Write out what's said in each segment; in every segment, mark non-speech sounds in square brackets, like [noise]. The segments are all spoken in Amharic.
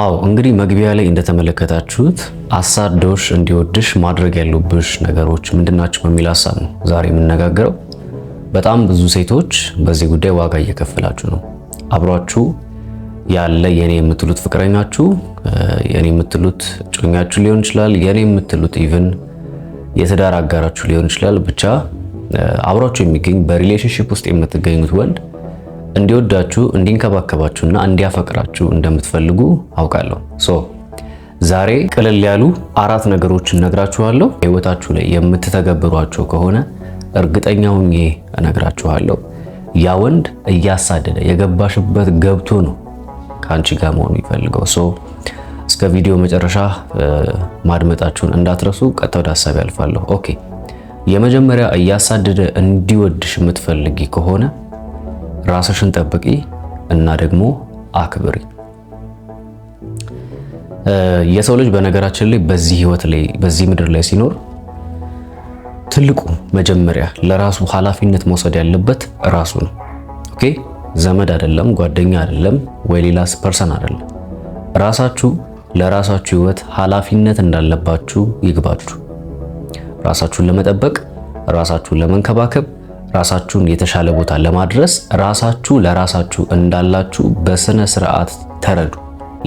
አዎ እንግዲህ መግቢያ ላይ እንደተመለከታችሁት አሳዶሽ እንዲወድሽ ማድረግ ያሉብሽ ነገሮች ምንድናቸው በሚል ሀሳብ ነው ዛሬ የምነጋገረው። በጣም ብዙ ሴቶች በዚህ ጉዳይ ዋጋ እየከፈላችሁ ነው። አብሯችሁ ያለ የኔ የምትሉት ፍቅረኛችሁ፣ የኔ የምትሉት እጮኛችሁ ሊሆን ይችላል። የኔ የምትሉት ኢቭን የትዳር አጋራችሁ ሊሆን ይችላል። ብቻ አብሯችሁ የሚገኝ በሪሌሽንሽፕ ውስጥ የምትገኙት ወንድ እንዲወዳችሁ እንዲንከባከባችሁና እንዲያፈቅራችሁ እንደምትፈልጉ አውቃለሁ። ሶ ዛሬ ቅልል ያሉ አራት ነገሮችን ነግራችኋለሁ። ህይወታችሁ ላይ የምትተገብሯቸው ከሆነ እርግጠኛ ሆኜ እነግራችኋለሁ ያ ወንድ እያሳደደ የገባሽበት ገብቶ ነው ከአንቺ ጋር መሆኑ የሚፈልገው። ሶ እስከ ቪዲዮ መጨረሻ ማድመጣችሁን እንዳትረሱ። ቀጥታ ወደ ሀሳብ ያልፋለሁ። ኦኬ የመጀመሪያ እያሳደደ እንዲወድሽ የምትፈልጊ ከሆነ ራስሽን ጠብቂ እና ደግሞ አክብሪ። የሰው ልጅ በነገራችን ላይ በዚህ ህይወት ላይ በዚህ ምድር ላይ ሲኖር ትልቁ መጀመሪያ ለራሱ ኃላፊነት መውሰድ ያለበት ራሱ ነው። ኦኬ ዘመድ አይደለም፣ ጓደኛ አይደለም፣ ወይ ሌላ ፐርሰን አይደለም። ራሳችሁ ለራሳችሁ ህይወት ኃላፊነት እንዳለባችሁ ይግባችሁ። ራሳችሁን ለመጠበቅ ራሳችሁን ለመንከባከብ ራሳችሁን የተሻለ ቦታ ለማድረስ ራሳችሁ ለራሳችሁ እንዳላችሁ በስነ ስርዓት ተረዱ።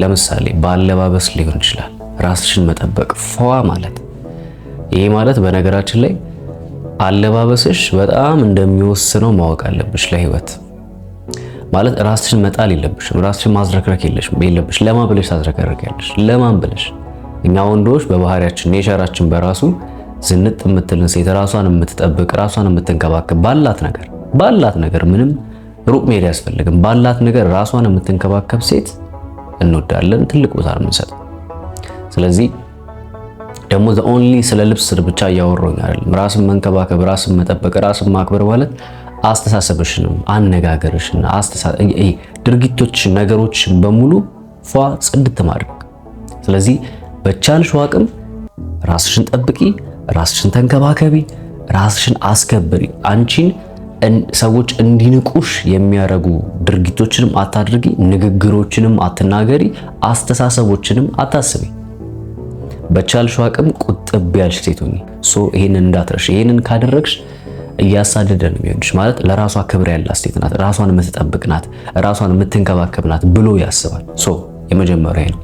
ለምሳሌ በአለባበስ ሊሆን ይችላል። ራስሽን መጠበቅ ፏ ማለት ይሄ ማለት በነገራችን ላይ አለባበስሽ በጣም እንደሚወስነው ማወቅ አለብሽ። ለህይወት ማለት ራስሽን መጣል የለብሽም። ራስሽን ማዝረክረክ የለብሽ። ለማን ብለሽ ታዝረከረክ ያለሽ? ለማን ብለሽ? እኛ ወንዶች በባህሪያችን ኔቸራችን በራሱ ዝንጥ የምትልን ሴት ራሷን የምትጠብቅ ራሷን የምትንከባከብ ባላት ነገር ባላት ነገር ምንም ሩቅ መሄድ ያስፈልግም። ባላት ነገር ራሷን የምትንከባከብ ሴት እንወዳለን፣ ትልቅ ቦታ ነው የምንሰጠው። ስለዚህ ደግሞ ዘ ኦንሊ ስለ ልብስ ብቻ እያወራሁኝ አይደለም። ራስን መንከባከብ፣ ራስን መጠበቅ፣ ራስን ማክበር ማለት አስተሳሰብሽንም፣ አነጋገርሽን፣ ድርጊቶች፣ ነገሮች በሙሉ ፏ ጽድት ማድረግ። ስለዚህ በቻልሽው አቅም ራስሽን ጠብቂ። ራስሽን ተንከባከቢ፣ ራስሽን አስከብሪ። አንቺን ሰዎች እንዲንቁሽ የሚያደርጉ ድርጊቶችንም አታድርጊ፣ ንግግሮችንም አትናገሪ፣ አስተሳሰቦችንም አታስቢ። በቻልሽው አቅም ቁጥብ ያልሽ ሴት ሁኚ። ሶ ይሄንን እንዳትረሽ። ይሄንን ካደረግሽ እያሳደደ ነው የሚሆንሽ። ማለት ለራሷ ክብር ያላት ሴት ናት፣ ራሷን የምትጠብቅ ናት፣ ራሷን የምትንከባከብ ናት ብሎ ያስባል። ሶ የመጀመሪያ ነው።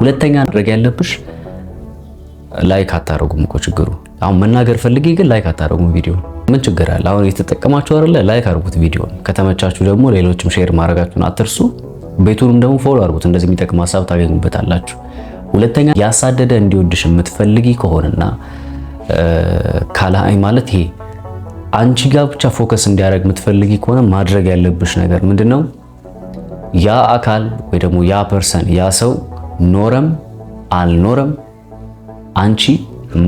ሁለተኛ ማድረግ ያለብሽ ላይክ አታረጉም እኮ ችግሩ። አሁን መናገር ፈልጌ ግን ላይክ አታረጉም ቪዲዮ። ምን ችግር አለ? አሁን የተጠቀማችሁ አይደለ? ላይክ አርጉት ቪዲዮ። ከተመቻችሁ ደግሞ ሌሎችም ሼር ማድረጋችሁን አትርሱ። ቤቱንም ደግሞ ፎሎ አርጉት። እንደዚህ የሚጠቅም ሀሳብ ታገኙበታላችሁ። ሁለተኛ ያሳደደ እንዲወድሽ የምትፈልጊ ከሆነና ካላይ ማለት ይሄ አንቺ ጋር ብቻ ፎከስ እንዲያደርግ የምትፈልጊ ከሆነ ማድረግ ያለብሽ ነገር ምንድነው? ያ አካል ወይ ደግሞ ያ ፐርሰን ያ ሰው ኖረም አልኖረም አንቺ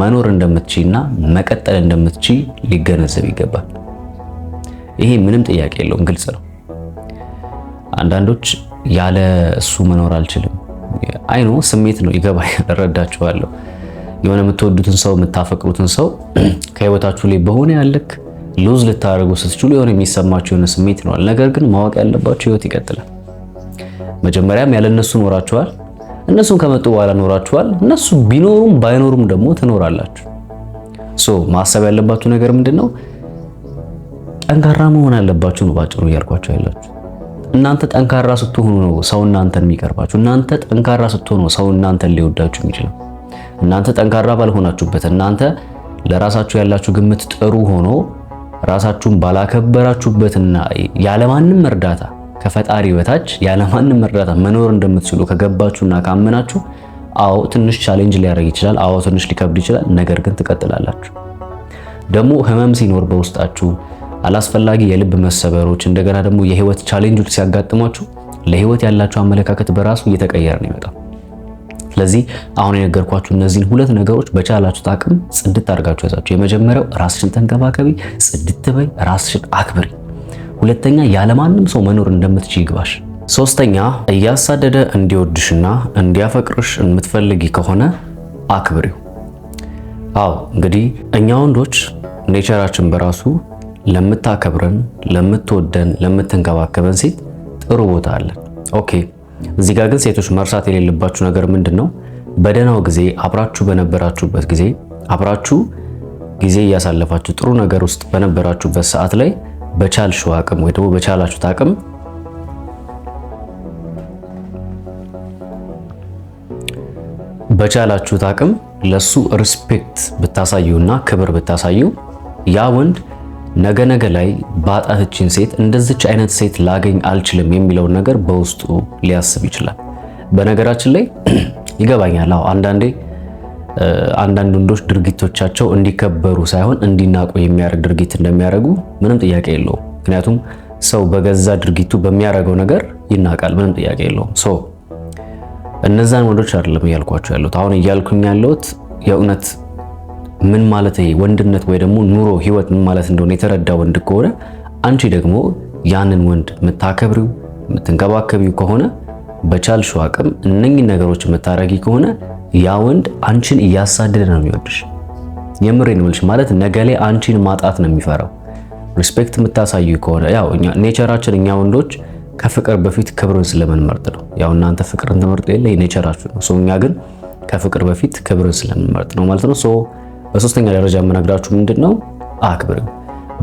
መኖር እንደምትችይና መቀጠል እንደምትችይ ሊገነዘብ ይገባል። ይሄ ምንም ጥያቄ የለውም፣ ግልጽ ነው። አንዳንዶች ያለ እሱ መኖር አልችልም። አይኖ ስሜት ነው፣ ይገባ እረዳችኋለሁ። የሆነ የምትወዱትን ሰው የምታፈቅሩትን ሰው [clears throat] ከህይወታችሁ ላይ በሆነ ያለክ ሉዝ ልታደርጉ ስትችሉ የሆነ የሚሰማችሁ የሆነ ስሜት ነዋል። ነገር ግን ማወቅ ያለባችሁ ህይወት ይቀጥላል። መጀመሪያም ያለ ኖራችኋል። እነሱም ከመጡ በኋላ ኖራችኋል። እነሱ ቢኖሩም ባይኖሩም ደግሞ ትኖራላችሁ። ሶ ማሰብ ያለባችሁ ነገር ምንድነው? ጠንካራ መሆን አለባችሁ ነው ባጭሩ እያልኳችሁ ያላችሁ። እናንተ ጠንካራ ስትሆኑ ነው ሰው እናንተን የሚቀርባችሁ። እናንተ ጠንካራ ስትሆኑ ሰው እናንተን ሊወዳችሁ የሚችለው። እናንተ ጠንካራ ባልሆናችሁበት፣ እናንተ ለራሳችሁ ያላችሁ ግምት ጥሩ ሆኖ ራሳችሁን ባላከበራችሁበትና ያለማንም እርዳታ ከፈጣሪ በታች ያለ ማንም እርዳታ መኖር እንደምትችሉ ከገባችሁና ካመናችሁ፣ አዎ ትንሽ ቻሌንጅ ሊያደርግ ይችላል። አዎ ትንሽ ሊከብድ ይችላል። ነገር ግን ትቀጥላላችሁ። ደግሞ ህመም ሲኖር በውስጣችሁ አላስፈላጊ የልብ መሰበሮች፣ እንደገና ደግሞ የህይወት ቻሌንጆች ሲያጋጥሟችሁ ለህይወት ያላችሁ አመለካከት በራሱ እየተቀየረ ነው ይመጣል። ስለዚህ አሁን የነገርኳችሁ እነዚህን ሁለት ነገሮች በቻላችሁት አቅም ጽድት አድርጋችሁ ያዛችሁ። የመጀመሪያው ራስሽን ተንከባከቢ፣ ጽድት በይ፣ ራስሽን አክብሪ። ሁለተኛ ያለማንም ሰው መኖር እንደምትች ይግባሽ። ሶስተኛ እያሳደደ እንዲወድሽና እንዲያፈቅርሽ የምትፈልጊ ከሆነ አክብሪው። አዎ እንግዲህ እኛ ወንዶች ኔቸራችን በራሱ ለምታከብረን፣ ለምትወደን፣ ለምትንከባከበን ሴት ጥሩ ቦታ አለን። ኦኬ እዚህ ጋር ግን ሴቶች መርሳት የሌለባችሁ ነገር ምንድን ነው? በደህናው ጊዜ አብራችሁ በነበራችሁበት ጊዜ አብራችሁ ጊዜ እያሳለፋችሁ ጥሩ ነገር ውስጥ በነበራችሁበት ሰዓት ላይ በቻልሽው አቅም ወይ ደግሞ በቻላችሁት አቅም በቻላችሁት አቅም ለሱ ሪስፔክት ብታሳዩና ክብር ብታሳዩ ያ ወንድ ነገ ነገ ላይ ባጣትችን ሴት እንደዚች አይነት ሴት ላገኝ አልችልም የሚለውን ነገር በውስጡ ሊያስብ ይችላል። በነገራችን ላይ [clears throat] ይገባኛል። አዎ አንዳንዴ አንዳንድ ወንዶች ድርጊቶቻቸው እንዲከበሩ ሳይሆን እንዲናቁ የሚያደርግ ድርጊት እንደሚያደርጉ ምንም ጥያቄ የለውም። ምክንያቱም ሰው በገዛ ድርጊቱ በሚያደርገው ነገር ይናቃል፣ ምንም ጥያቄ የለውም። ሶ እነዛን ወንዶች አይደለም እያልኳቸው ያለሁት። አሁን እያልኩኝ ያለሁት የእውነት ምን ማለት ይሄ ወንድነት ወይ ደግሞ ኑሮ ህይወት ምን ማለት እንደሆነ የተረዳ ወንድ ከሆነ አንቺ ደግሞ ያንን ወንድ የምታከብሪው የምትንከባከቢው ከሆነ በቻልሽው አቅም እነኚህ ነገሮች የምታረጊ ከሆነ ያ ወንድ አንቺን እያሳደደ ነው የሚወድሽ። የምሬን ምልሽ ማለት ነገ ላይ አንቺን ማጣት ነው የሚፈራው። ሪስፔክት የምታሳዩ ከሆነ ያው እኛ ኔቸራችን እኛ ወንዶች ከፍቅር በፊት ክብርን ስለምንመርጥ ነው። ያው እናንተ ፍቅርን ትመርጡ የለ ኔቸራችሁ ነው። እኛ ግን ከፍቅር በፊት ክብርን ስለምንመርጥ ነው ማለት ነው። ሶ በሶስተኛ ደረጃ የምነግራችሁ ምንድን ነው አክብሪው።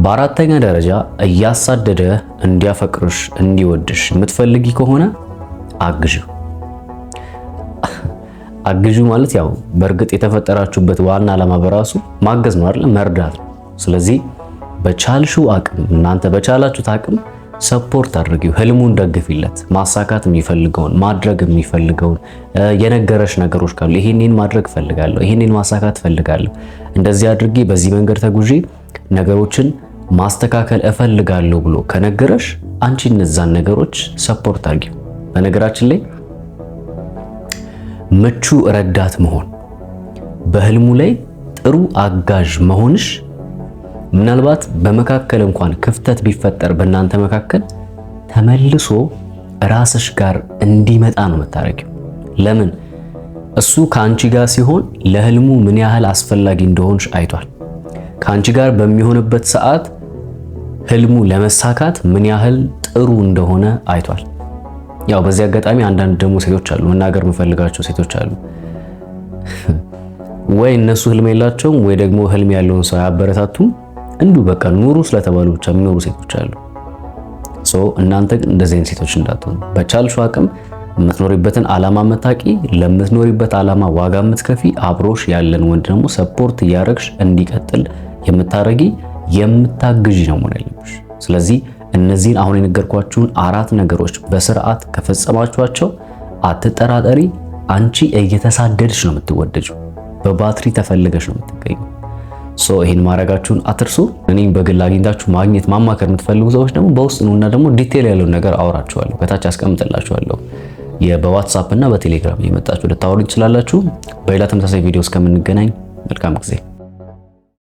በአራተኛ ደረጃ እያሳደደ እንዲያፈቅርሽ እንዲወድሽ የምትፈልጊ ከሆነ አግዥው። አግዢ ማለት ያው በእርግጥ የተፈጠራችሁበት ዋና ዓላማ በራሱ ማገዝ ነው አይደል? መርዳት ነው። ስለዚህ በቻልሽው አቅም እናንተ በቻላችሁት አቅም ሰፖርት አድርጊው፣ ህልሙን ደግፊለት። ማሳካት የሚፈልገውን ማድረግ የሚፈልገውን የነገረሽ ነገሮች ካሉ ይሄንን ማድረግ ፈልጋለሁ፣ ይሄንን ማሳካት ፈልጋለሁ፣ እንደዚህ አድርጌ በዚህ መንገድ ተጉዤ ነገሮችን ማስተካከል እፈልጋለሁ ብሎ ከነገረሽ አንቺ እነዛን ነገሮች ሰፖርት አድርጊው። በነገራችን ላይ ምቹ ረዳት መሆን፣ በህልሙ ላይ ጥሩ አጋዥ መሆንሽ ምናልባት በመካከል እንኳን ክፍተት ቢፈጠር በእናንተ መካከል ተመልሶ ራስሽ ጋር እንዲመጣ ነው የምታረጊው። ለምን እሱ ከአንቺ ጋር ሲሆን ለህልሙ ምን ያህል አስፈላጊ እንደሆንሽ አይቷል። ከአንቺ ጋር በሚሆንበት ሰዓት ህልሙ ለመሳካት ምን ያህል ጥሩ እንደሆነ አይቷል። ያው በዚህ አጋጣሚ አንዳንድ ደግሞ ሴቶች አሉ መናገር የምፈልጋቸው ሴቶች አሉ። ወይ እነሱ ህልም የላቸውም ወይ ደግሞ ህልም ያለውን ሰው አያበረታቱም። እንዲሁ በቃ ኑሩ ስለተባሉ ብቻ የሚኖሩ ሴቶች አሉ። እናንተ ግን እንደዚህ አይነት ሴቶች እንዳትሆኑ በቻልሹ አቅም የምትኖሪበትን ዓላማ መታቂ ለምትኖሪበት ዓላማ ዋጋ የምትከፊ አብሮሽ ያለን ወንድ ደግሞ ሰፖርት እያረግሽ እንዲቀጥል የምታረጊ የምታግዢ ነው መሆን ያለብሽ። ስለዚህ እነዚህን አሁን የነገርኳችሁን አራት ነገሮች በስርዓት ከፈጸማችኋቸው አትጠራጠሪ፣ አንቺ እየተሳደድሽ ነው የምትወደጁ፣ በባትሪ ተፈልገሽ ነው የምትገኙ። ሶ ይህን ማድረጋችሁን አትርሱ። እኔ በግል አግኝታችሁ ማግኘት ማማከር የምትፈልጉ ሰዎች ደግሞ በውስጥ ነውና ደግሞ ዲቴል ያለውን ነገር አውራችኋለሁ፣ ከታች አስቀምጥላችኋለሁ። በዋትሳፕ እና በቴሌግራም የመጣችሁ ልታወሩ ትችላላችሁ። በሌላ ተመሳሳይ ቪዲዮ እስከምንገናኝ መልካም ጊዜ